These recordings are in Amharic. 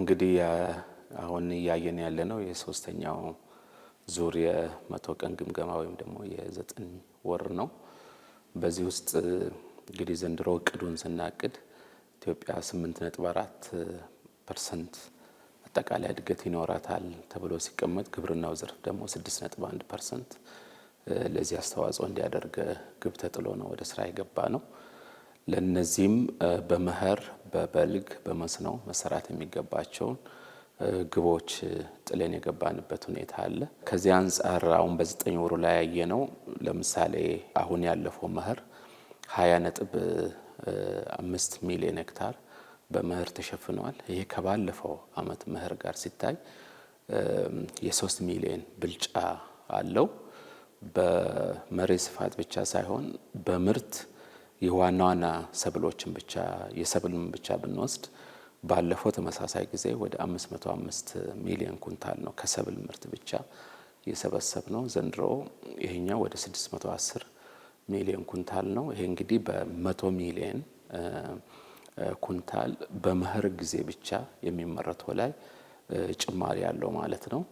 እንግዲህ አሁን እያየን ያለ ነው የሶስተኛው ዙር የመቶ ቀን ግምገማ ወይም ደግሞ የዘጠኝ ወር ነው። በዚህ ውስጥ እንግዲህ ዘንድሮ እቅዱን ስናቅድ ኢትዮጵያ ስምንት ነጥብ አራት ፐርሰንት አጠቃላይ እድገት ይኖራታል ተብሎ ሲቀመጥ ግብርናው ዘርፍ ደግሞ ስድስት ነጥብ አንድ ፐርሰንት ለዚህ አስተዋጽኦ እንዲያደርግ ግብ ተጥሎ ነው ወደ ስራ የገባ ነው። ለእነዚህም በመኸር በበልግ በመስኖ መሰራት የሚገባቸውን ግቦች ጥለን የገባንበት ሁኔታ አለ። ከዚህ አንጻር አሁን በዘጠኝ ወሩ ላይ ያየ ነው። ለምሳሌ አሁን ያለፈው መኸር ሀያ ነጥብ አምስት ሚሊዮን ሄክታር በመኸር ተሸፍነዋል። ይሄ ከባለፈው አመት መኸር ጋር ሲታይ የሶስት ሚሊዮን ብልጫ አለው። በመሬት ስፋት ብቻ ሳይሆን በምርት የዋና ዋና ሰብሎችን ብቻ የሰብልን ብቻ ብንወስድ ባለፈው ተመሳሳይ ጊዜ ወደ 505 ሚሊዮን ኩንታል ነው ከሰብል ምርት ብቻ የሰበሰብ ነው። ዘንድሮ ይሄኛው ወደ 610 ሚሊዮን ኩንታል ነው። ይሄ እንግዲህ በ100 ሚሊዮን ኩንታል በመኸር ጊዜ ብቻ የሚመረተው ላይ ጭማሪ ያለው ማለት ነው።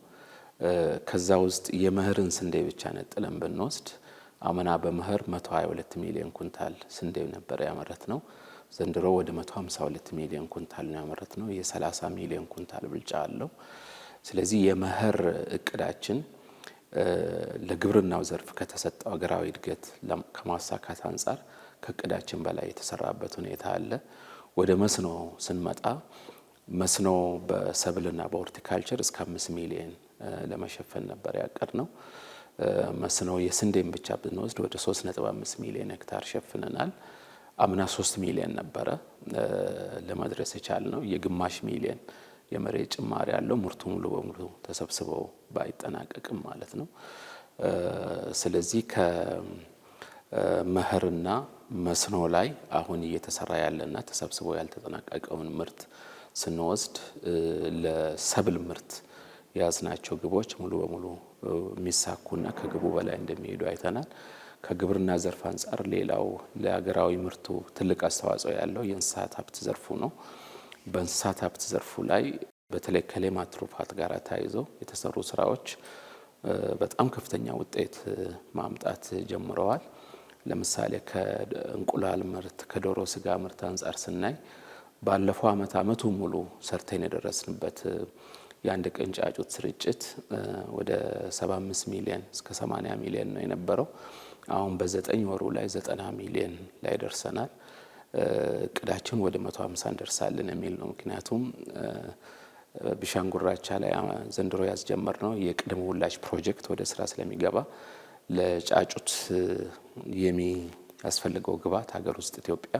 ከዛ ውስጥ የመኸርን ስንዴ ብቻ ነጥለን ብንወስድ አምና በመኸር 122 ሚሊዮን ኩንታል ስንዴ ነበር ያመረት ነው። ዘንድሮ ወደ 152 ሚሊዮን ኩንታል ነው ያመረት ነው። የ30 ሚሊዮን ኩንታል ብልጫ አለው። ስለዚህ የመኸር እቅዳችን ለግብርናው ዘርፍ ከተሰጠው ሀገራዊ እድገት ከማሳካት አንጻር ከእቅዳችን በላይ የተሰራበት ሁኔታ አለ። ወደ መስኖ ስንመጣ መስኖ በሰብልና በሆርቲካልቸር እስከ አምስት ሚሊዮን ለመሸፈን ነበር ያቀድ ነው። መስኖ የስንዴን ብቻ ብንወስድ ወደ 3.5 ሚሊዮን ሄክታር ሸፍነናል። አምና 3 ሚሊዮን ነበረ ለመድረስ የቻልነው። የግማሽ ሚሊዮን የመሬት ጭማሪ ያለው ምርቱ ሙሉ በሙሉ ተሰብስበው ባይጠናቀቅም ማለት ነው። ስለዚህ ከመኸርና መስኖ ላይ አሁን እየተሰራ ያለና ተሰብስቦ ያልተጠናቀቀውን ምርት ስንወስድ ለሰብል ምርት የያዝናቸው ግቦች ሙሉ በሙሉ የሚሳኩና ከግቡ በላይ እንደሚሄዱ አይተናል። ከግብርና ዘርፍ አንጻር ሌላው ለሀገራዊ ምርቱ ትልቅ አስተዋጽኦ ያለው የእንስሳት ሀብት ዘርፉ ነው። በእንስሳት ሀብት ዘርፉ ላይ በተለይ ከሌማት ትሩፋት ጋር ተያይዞ የተሰሩ ስራዎች በጣም ከፍተኛ ውጤት ማምጣት ጀምረዋል። ለምሳሌ ከእንቁላል ምርት፣ ከዶሮ ስጋ ምርት አንጻር ስናይ ባለፈው አመት አመቱ ሙሉ ሰርተን የደረስንበት የአንድ ቀን ጫጩት ስርጭት ወደ 75 ሚሊየን እስከ 80 ሚሊዮን ነው የነበረው። አሁን በዘጠኝ ወሩ ላይ 90 ሚሊዮን ላይ ደርሰናል። እቅዳችን ወደ 150 እንደርሳለን የሚል ነው። ምክንያቱም ቢሻንጉራቻ ላይ ዘንድሮ ያስጀመር ነው የቅድመ ውላጅ ፕሮጀክት ወደ ስራ ስለሚገባ ለጫጩት የሚያስፈልገው ግብዓት ሀገር ውስጥ ኢትዮጵያ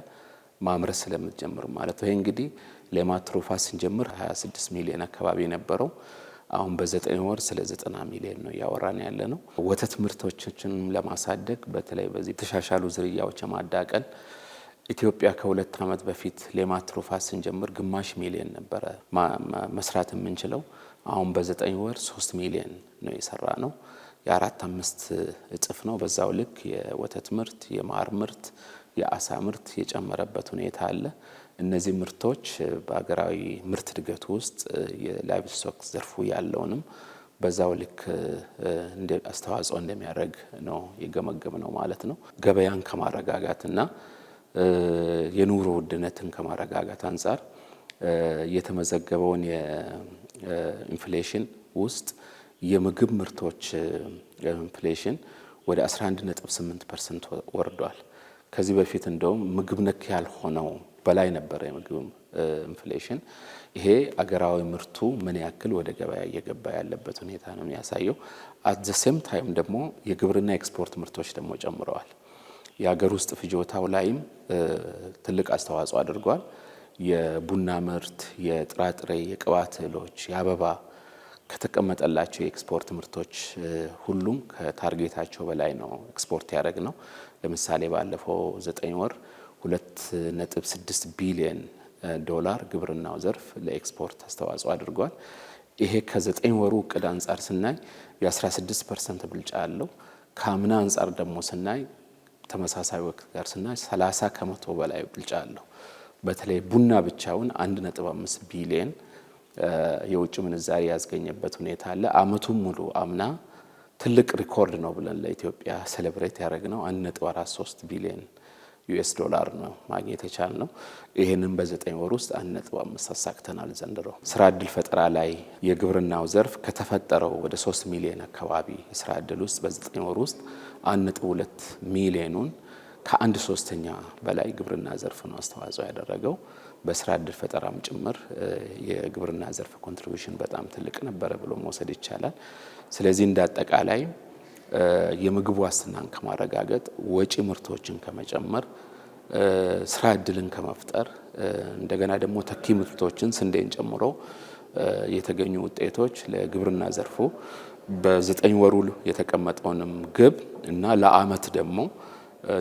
ማምረት ስለምትጀምር ማለት ነው። ይሄ እንግዲህ ሌማት ትሩፋት ስንጀምር 26 ሚሊዮን አካባቢ የነበረው አሁን በዘጠኝ ወር ስለ 90 ሚሊዮን ነው እያወራን ያለ ነው። ወተት ምርቶችን ለማሳደግ በተለይ በዚህ የተሻሻሉ ዝርያዎች የማዳቀል ኢትዮጵያ ከሁለት ዓመት በፊት ሌማት ትሩፋት ስንጀምር ግማሽ ሚሊዮን ነበረ መስራት የምንችለው አሁን በዘጠኝ ወር ሶስት ሚሊዮን ነው የሰራ ነው። የአራት አምስት እጥፍ ነው። በዛው ልክ የወተት ምርት የማር ምርት የአሳ ምርት የጨመረበት ሁኔታ አለ። እነዚህ ምርቶች በሀገራዊ ምርት እድገቱ ውስጥ የላይቭ ዘርፉ ያለውንም በዛው ልክ አስተዋጽኦ እንደሚያደርግ ነው የገመገብ ነው ማለት ነው። ገበያን ከማረጋጋትና የኑሮ ውድነትን ከማረጋጋት አንጻር የተመዘገበውን የኢንፍሌሽን ውስጥ የምግብ ምርቶች ኢንፍሌሽን ወደ 11.8 ፐርሰንት ወርዷል። ከዚህ በፊት እንደውም ምግብ ነክ ያልሆነው በላይ ነበረ የምግብ ኢንፍሌሽን። ይሄ አገራዊ ምርቱ ምን ያክል ወደ ገበያ እየገባ ያለበት ሁኔታ ነው የሚያሳየው። አት ዘ ሴም ታይም ደግሞ የግብርና ኤክስፖርት ምርቶች ደግሞ ጨምረዋል። የሀገር ውስጥ ፍጆታው ላይም ትልቅ አስተዋጽኦ አድርጓል። የቡና ምርት፣ የጥራጥሬ፣ የቅባት እህሎች፣ የአበባ ከተቀመጠላቸው የኤክስፖርት ምርቶች ሁሉም ከታርጌታቸው በላይ ነው ኤክስፖርት ያደረግ ነው። ለምሳሌ ባለፈው ዘጠኝ ወር ሁለት ነጥብ ስድስት ቢሊየን ዶላር ግብርናው ዘርፍ ለኤክስፖርት አስተዋጽኦ አድርጓል። ይሄ ከዘጠኝ ወሩ እቅድ አንጻር ስናይ የ16 ፐርሰንት ብልጫ አለው። ከአምና አንጻር ደግሞ ስናይ ተመሳሳይ ወቅት ጋር ስናይ 30 ከመቶ በላይ ብልጫ አለው። በተለይ ቡና ብቻውን 1.5 ቢሊየን የውጭ ምንዛሪ ያስገኘበት ሁኔታ አለ። አመቱን ሙሉ አምና ትልቅ ሪኮርድ ነው ብለን ለኢትዮጵያ ሴሌብሬት ያደረግነው 1.43 ቢሊዮን ዩኤስ ዶላር ነው ማግኘት የቻልነው። ይህንም በዘጠኝ ወር ውስጥ 1.5 አሳክተናል። ዘንድሮ ስራ እድል ፈጠራ ላይ የግብርናው ዘርፍ ከተፈጠረው ወደ 3 ሚሊዮን አካባቢ የስራ እድል ውስጥ በዘጠኝ ወር ውስጥ 1.2 ሚሊዮኑን ከአንድ ሶስተኛ በላይ ግብርና ዘርፍ ነው አስተዋጽኦ ያደረገው። በስራ እድል ፈጠራም ጭምር የግብርና ዘርፍ ኮንትሪቢሽን በጣም ትልቅ ነበረ ብሎ መውሰድ ይቻላል። ስለዚህ እንደ አጠቃላይ የምግብ ዋስትናን ከማረጋገጥ ወጪ ምርቶችን ከመጨመር ስራ እድልን ከመፍጠር እንደገና ደግሞ ተኪ ምርቶችን ስንዴን ጨምሮ የተገኙ ውጤቶች ለግብርና ዘርፉ በዘጠኝ ወሩ የተቀመጠውንም ግብ እና ለአመት ደግሞ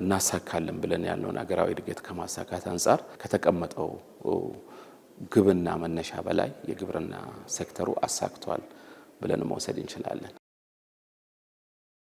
እናሳካለን ብለን ያለውን ሀገራዊ እድገት ከማሳካት አንጻር ከተቀመጠው ግብና መነሻ በላይ የግብርና ሴክተሩ አሳክቷል ብለን መውሰድ እንችላለን።